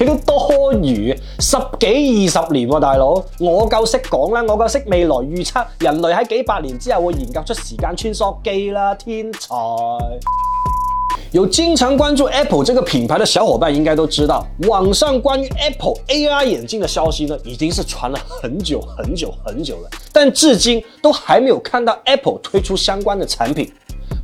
你都多餘，十幾二十年喎，啊，大佬，我夠識講啦，我夠識未來預測，人類喺幾百年之後會研究出時間穿梭機啦，天才！有經常關注 Apple 這個品牌的小伙伴應該都知道，網上關於 Apple AR 眼鏡的消息呢，已經是傳了很久很久很久了，但至今都還沒有看到 Apple 推出相關的產品。